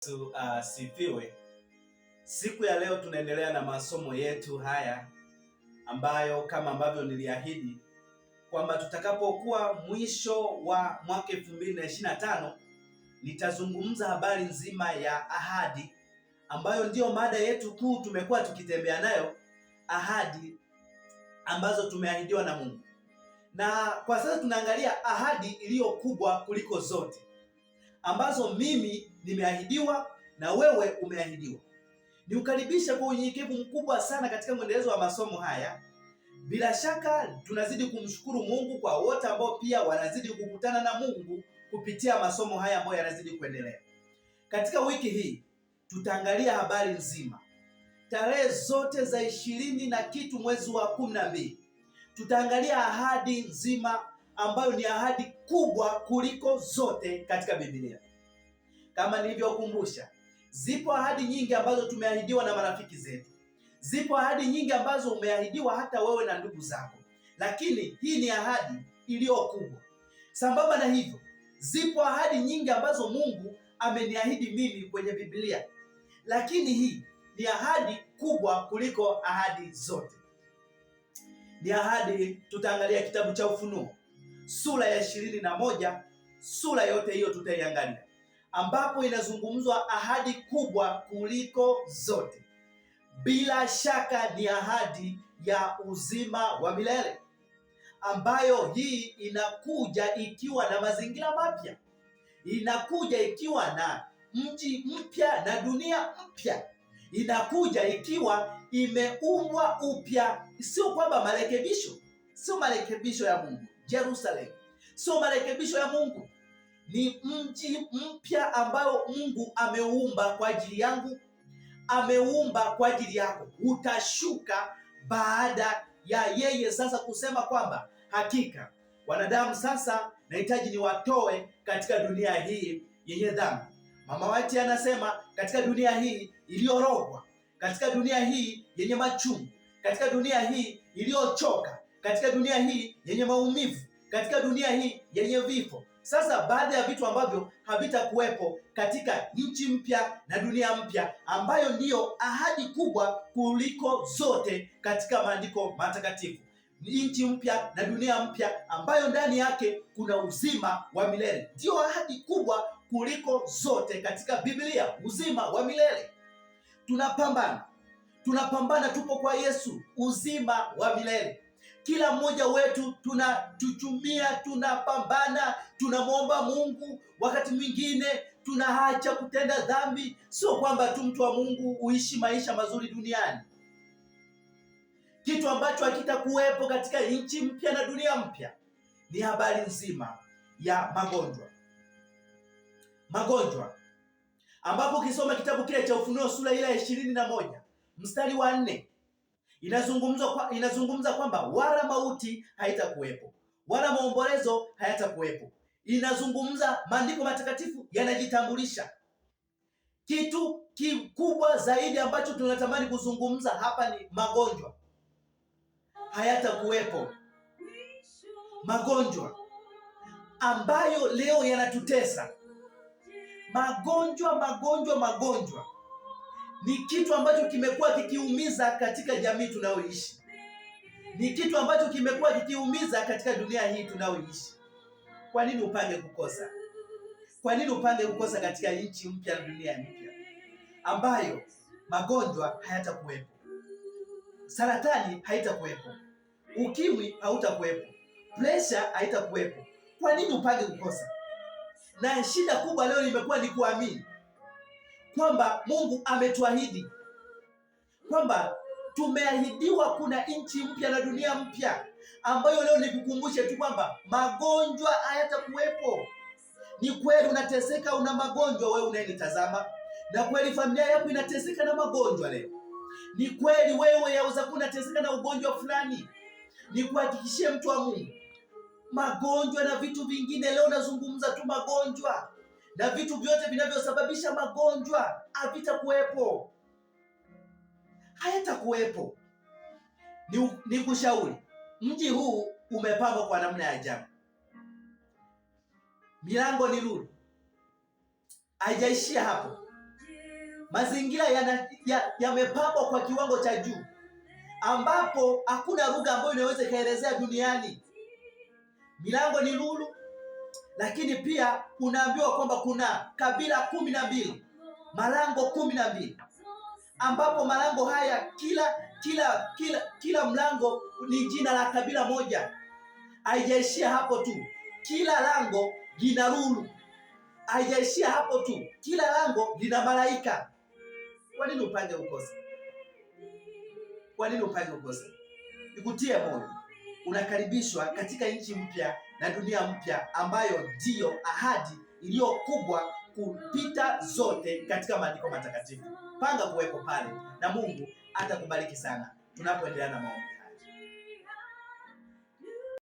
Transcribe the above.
Tusifiwe. Uh, siku ya leo tunaendelea na masomo yetu haya ambayo kama ambavyo niliahidi kwamba tutakapokuwa mwisho wa mwaka 2025 nitazungumza habari nzima ya ahadi ambayo ndiyo mada yetu kuu tumekuwa tukitembea nayo, ahadi ambazo tumeahidiwa na Mungu. Na kwa sasa tunaangalia ahadi iliyo kubwa kuliko zote ambazo mimi nimeahidiwa na wewe umeahidiwa. Niukaribishe kwa unyenyekevu mkubwa sana katika mwendelezo wa masomo haya. Bila shaka tunazidi kumshukuru Mungu kwa wote ambao pia wanazidi kukutana na Mungu kupitia masomo haya ambayo yanazidi kuendelea. Katika wiki hii tutaangalia habari nzima, tarehe zote za ishirini na kitu mwezi wa kumi na mbili tutaangalia ahadi nzima ambayo ni ahadi kubwa kuliko zote katika Biblia. Kama nilivyokumbusha, zipo ahadi nyingi ambazo tumeahidiwa na marafiki zetu, zipo ahadi nyingi ambazo umeahidiwa hata wewe na ndugu zako, lakini hii ni ahadi iliyo kubwa. Sambamba na hivyo, zipo ahadi nyingi ambazo Mungu ameniahidi mimi kwenye Biblia, lakini hii ni ahadi kubwa kuliko ahadi zote. Ni ahadi, tutaangalia kitabu cha Ufunuo sura ya ishirini na moja sura yote hiyo tutaiangalia, ambapo inazungumzwa ahadi kubwa kuliko zote. Bila shaka ni ahadi ya uzima wa milele ambayo hii inakuja ikiwa na mazingira mapya, inakuja ikiwa na mji mpya na dunia mpya, inakuja ikiwa imeumbwa upya. Sio kwamba marekebisho, sio marekebisho ya Mungu Jerusalem. So marekebisho ya Mungu, ni mji mpya ambao Mungu ameumba kwa ajili yangu, ameumba kwa ajili yako. Utashuka baada ya yeye sasa kusema kwamba hakika wanadamu sasa nahitaji niwatoe katika dunia hii yenye dhambi. Mama Wati anasema katika dunia hii iliyorogwa, katika dunia hii yenye machungu, katika dunia hii iliyochoka katika dunia hii yenye maumivu, katika dunia hii yenye vifo. Sasa baadhi ya vitu ambavyo havitakuwepo katika nchi mpya na dunia mpya ambayo ndiyo ahadi kubwa kuliko zote katika maandiko matakatifu nchi mpya na dunia mpya ambayo ndani yake kuna uzima wa milele, ndiyo ahadi kubwa kuliko zote katika Biblia, uzima wa milele. Tunapambana, tunapambana, tupo kwa Yesu, uzima wa milele. Kila mmoja wetu tunachuchumia, tunapambana, tunamwomba Mungu. Wakati mwingine tunaacha kutenda dhambi. Sio kwamba tu mtu wa Mungu uishi maisha mazuri duniani, kitu ambacho hakitakuwepo katika nchi mpya na dunia mpya ni habari nzima ya magonjwa. Magonjwa ambapo ukisoma kitabu kile cha Ufunuo sura ile ya ishirini na moja mstari wa nne inazungumza kwa, inazungumza kwamba wala mauti haitakuwepo wala maombolezo hayatakuwepo. Inazungumza, maandiko matakatifu yanajitambulisha. Kitu kikubwa zaidi ambacho tunatamani kuzungumza hapa ni magonjwa hayatakuwepo, magonjwa ambayo leo yanatutesa, magonjwa magonjwa magonjwa ni kitu ambacho kimekuwa kikiumiza katika jamii tunayoishi, ni kitu ambacho kimekuwa kikiumiza katika dunia hii tunayoishi. Kwa nini upange kukosa? Kwa nini upange kukosa katika nchi mpya na dunia mpya ambayo magonjwa hayatakuwepo, saratani haitakuwepo, ukimwi hautakuwepo, presha haitakuwepo? Kwa nini upange kukosa? Na shida kubwa leo limekuwa ni kuamini kwamba Mungu ametuahidi kwamba tumeahidiwa kuna nchi mpya na dunia mpya, ambayo leo nikukumbushe tu kwamba magonjwa hayatakuwepo. Ni kweli unateseka, una magonjwa wewe unayenitazama, na kweli familia yako inateseka na magonjwa leo. Ni kweli wewe yaweza kuwa unateseka na ugonjwa fulani. Nikuhakikishie mtu wa Mungu, magonjwa na vitu vingine leo, nazungumza tu magonjwa na vitu vyote vinavyosababisha magonjwa havitakuwepo, hayatakuwepo. Ni, kushauri mji huu umepambwa kwa namna ya ajabu, milango ni lulu Haijaishia hapo, mazingira yamepambwa ya, ya kwa kiwango cha juu ambapo hakuna lugha ambayo inaweza ikaelezea duniani. Milango ni lulu lakini pia unaambiwa kwamba kuna kabila kumi na mbili, malango kumi na mbili, ambapo malango haya kila kila kila kila mlango ni jina la kabila moja. Haijaishia hapo tu, kila lango lina lulu. Haijaishia hapo tu, kila lango lina malaika. Kwa nini upange ukose? Kwa nini upange ukose? Nikutie moyo unakaribishwa katika nchi mpya na dunia mpya ambayo ndiyo ahadi iliyo kubwa kupita zote katika maandiko matakatifu. Panga kuwepo pale na Mungu atakubariki sana. Tunapoendelea na maombi